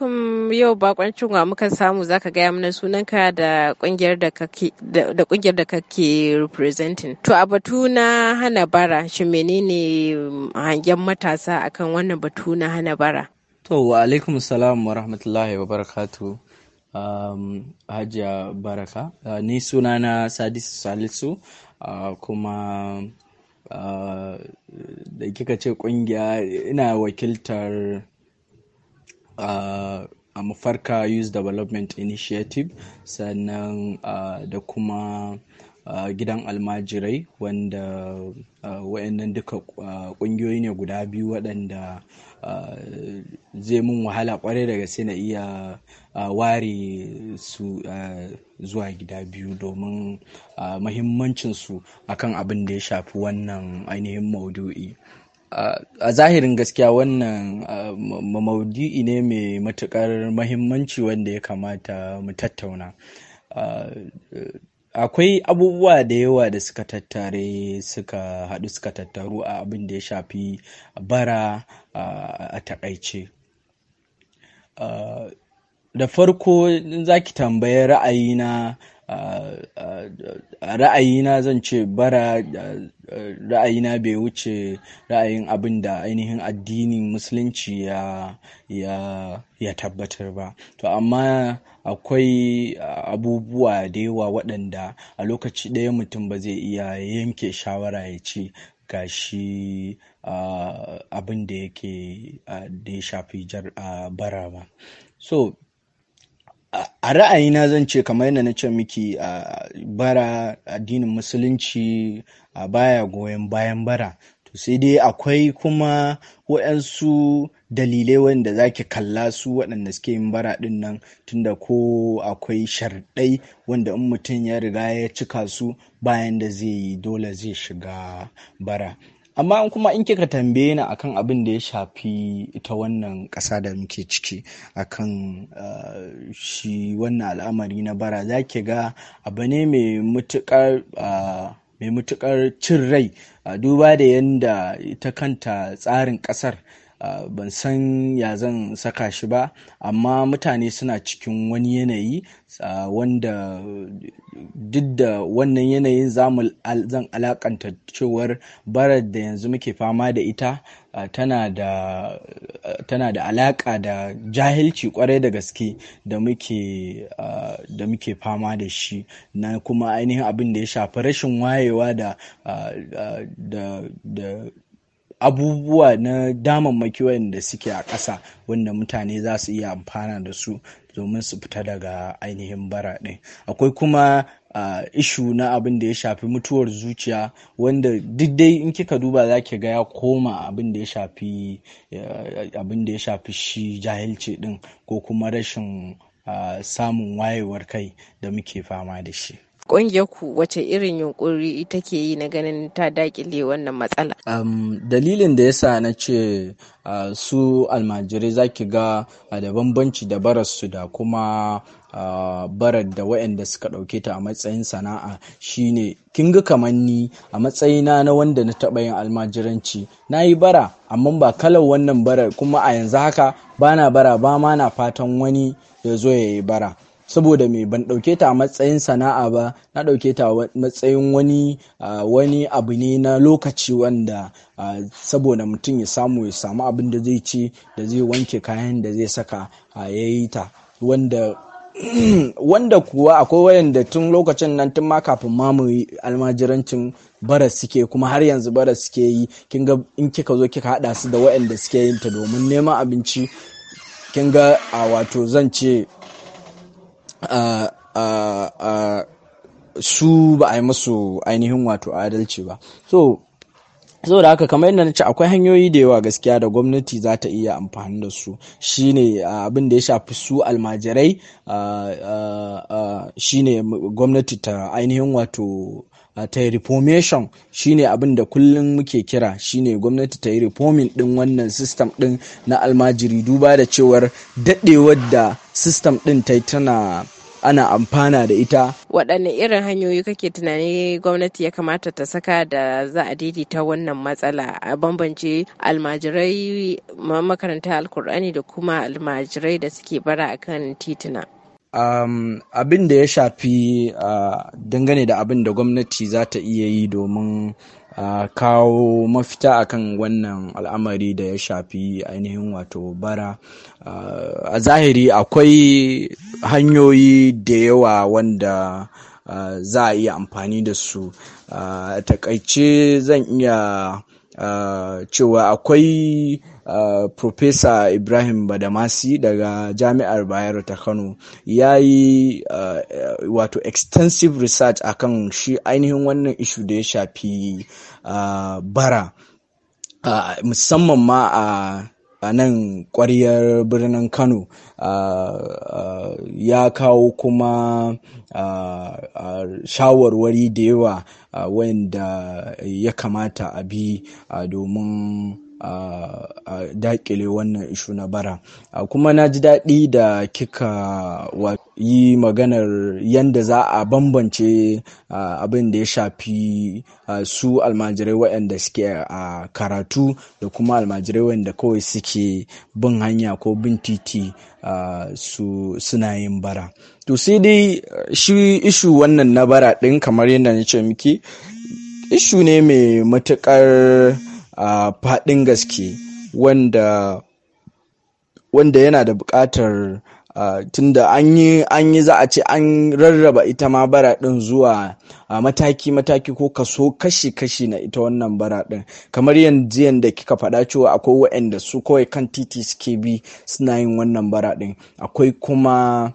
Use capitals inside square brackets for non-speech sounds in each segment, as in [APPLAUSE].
yau bakon cinwa muka samu zaka gaya mana sunanka da kungiyar da kake da kungiyar da kake representing to a batu na hana bara shi menene mm, hangen matasa akan wannan batu na hana bara to wa alaikum salam wa rahmatullahi wa barakatu um, hajiya baraka uh, ni sunana sadisu salisu uh, kuma uh, da kika ce kungiya ina wakiltar uh, mafarka youth development initiative sannan uh, da kuma uh, gidan almajirai wanda uh, duka kungiyoyi uh, ne guda biyu waɗanda uh, zai mun wahala kwarai daga sai na iya ware su zuwa gida biyu domin mahimmancinsu akan abin da ya shafi wannan ainihin maudu'i. a zahirin gaskiya wannan maudu'i ne mai matukar mahimmanci wanda ya kamata mu tattauna akwai abubuwa da yawa da suka tattare suka haɗu suka tattaru a abin da ya shafi bara a takaice da farko za ki tambaye ra'ayina ra'ayina zan ce bara ra'ayina bai wuce ra'ayin abin da ainihin addinin musulunci ya tabbatar ba to amma akwai abubuwa da yawa waɗanda a lokaci ɗaya mutum ba zai iya yanke shawara ya ce ga shi abin da yake da ya shafi bara ba so a ra'ayina zan ce kamar yadda na ce miki a bara addinin musulunci a baya goyon bayan bara to sai dai akwai kuma waɗansu dalilai wanda zaki kalla su waɗanda suke yin bara ɗin nan tunda ko akwai sharɗai wanda in mutum ya riga ya cika su bayan da zai yi dole zai shiga bara amma in kuma in kika tambaye ni akan abin da ya shafi ita wannan ƙasa da muke ciki akan eh, shi wannan al'amari na bara za ki ga abu ne mai matuƙar eh, cin rai duba da yadda ita kanta tsarin ƙasar Ah, ban san ya zan saka shi ba amma mutane suna cikin wani yanayi ah, wanda duk da wannan yanayin zan alakanta cewar barar da yanzu muke fama da ita ah, tana da alaka da alaƙa da jahilci kwarai da gaske da muke fama da shi na kuma ainihin abin da ya shafi rashin wayewa da abubuwa na damammaki wanda suke a ƙasa wanda mutane za su iya amfana da su domin su fita daga ainihin bara ɗin akwai kuma uh, ishu na abin da ya shafi mutuwar zuciya wanda duk dai in kika duba za ki ga ya koma abin da ya shafi abin da ya shafi shi jahilci ɗin ko kuma rashin uh, samun wayewar kai da muke fama da shi Ƙungiyar ku wace irin yunkuri ita ke yi na ganin ta dakile wannan matsala? Um, dalilin da yasa na ce uh, su almajirai za ki ga uh, da bambanci da bararsu da kuma Uh, barar da waɗanda suka ɗauke ta a matsayin sana'a shine kin ga kamar a matsayina na wanda na taɓa yin almajiranci na yi bara amma ba kalar wannan barar kuma a yanzu haka bana bara ba ma na fatan wani ya zo ya yi bara saboda me ban ɗauke ta a matsayin sana'a ba na ɗauke ta a matsayin wani wani abu ne na lokaci wanda saboda mutum ya samu ya samu abin da zai ci da zai wanke kayan da zai saka ya yi ta wanda [CLEARS THROAT] wanda kuwa akwai wayanda tun lokacin nan tun ma kafin mamu almajirancin baras suke kuma har yanzu baras suke yi kin ga in kika zo kika hada su da wayanda suke yin ta domin neman abinci kin ga a wato zan ce su ba a yi masu ainihin wato adalci ba so da haka kamar yadda na ce akwai hanyoyi da yawa gaskiya da gwamnati za ta iya amfani da su shine abin da ya shafi su almajirai shine gwamnati ta ainihin wato Uh, ta yi reformation shine abin da kullum muke kira shine gwamnati ta yi reforming din wannan system din na almajiri duba da cewar daɗewar da system din ta tana ana amfana da ita. Waɗanne irin hanyoyi kake tunani gwamnati ya kamata ta saka da za a daidaita wannan matsala a bambance almajirai makaranta alkur'ani da kuma almajirai da suke bara kan tituna. um, abin da ya shafi uh, dangane da abin da gwamnati za ta iya yi domin uh, kawo mafita akan wannan al'amari da ya shafi ainihin wato bara uh, a zahiri akwai hanyoyi da yawa wanda uh, za a iya amfani da su uh, takaice zan iya uh, cewa akwai Uh, Profesa Ibrahim Badamasi daga Jami'ar Bayero ta Kano ya yi uh, wato extensive research akan shi ainihin wannan ishu da ya shafi uh, bara musamman ma a a nan kwariyar birnin kano ya kawo kuma shawarwari da yawa wanda ya kamata a bi domin a dakile wannan ishu na bara kuma na ji daɗi da kika yi maganar yadda za a bambance abin da ya shafi su almajirai waɗanda suke a karatu da kuma almajirai waɗanda kawai suke bin hanya ko bin titi su suna yin bara to sai dai shi ishu wannan na bara ɗin kamar yadda na ce miki ishu ne mai matuƙar a faɗin gaske wanda wanda yana da buƙatar tun tunda an yi za a ce an rarraba ita ma bara din zuwa mataki mataki ko kaso kashi kashi na ita wannan bara din kamar yanzu yanda kika faɗa cewa akwai waɗanda su kawai kan titi suke bi suna yin wannan bara din akwai kuma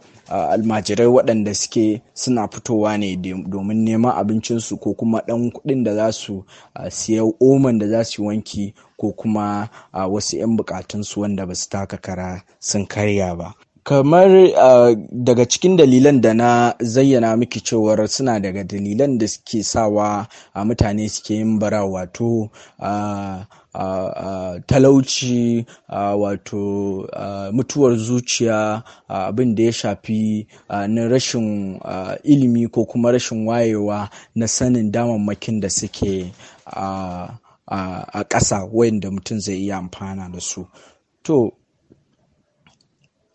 almajirai waɗanda suke suna fitowa ne domin neman abincinsu ko kuma ɗan kuɗin da za su siya oman da za su wanki ko kuma wasu 'yan bukatunsu wanda ba su taka kara sun karya ba kamar uh, daga cikin dalilan da na zayyana miki cewar suna daga dalilan da suke sawa a mutane suke yin bara wato uh, uh, talauci wato mutuwar zuciya abin da ya shafi na rashin ilimi ko kuma rashin wayewa na sanin damammakin da suke a ƙasa wayanda mutum zai iya amfana da su to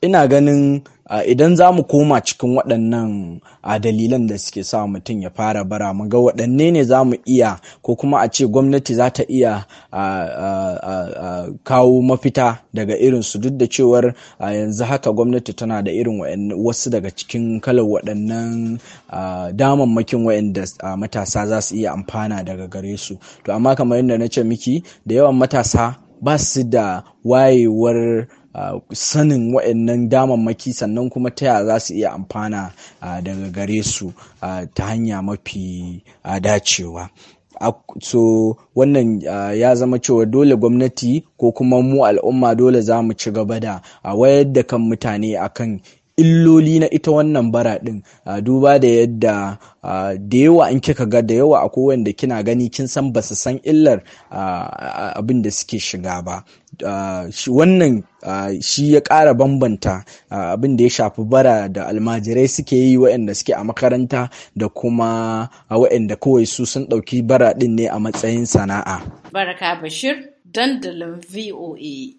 ina ganin idan za mu koma cikin waɗannan dalilan da suke sa mutum ya fara bara mu ga waɗanne ne za mu iya ko kuma a ce gwamnati za ta iya kawo mafita daga irin su duk da cewar yanzu haka gwamnati tana da irin wasu daga cikin kalar waɗannan damammakin waɗanda matasa za su iya amfana daga gare su to amma kamar yadda na ce miki da yawan matasa ba su da wayewar sanin waɗannan damammaki sannan kuma ta yaya za su iya amfana daga gare su ta hanya mafi dacewa so wannan ya zama cewa dole gwamnati ko kuma mu al'umma dole za mu ci gaba da wayar da kan mutane akan illoli na ita wannan bara ɗin, a duba da yadda da yawa in kika ga da yawa akwai wanda kina gani kin san ba basu san illar abin da suke shiga ba wannan shi ya ƙara bambanta abin da ya shafi bara da almajirai suke yi waɗanda suke a makaranta da kuma waɗanda kawai su sun ɗauki bara ɗin ne a matsayin sana'a. Baraka Bashir, dandalin VOA.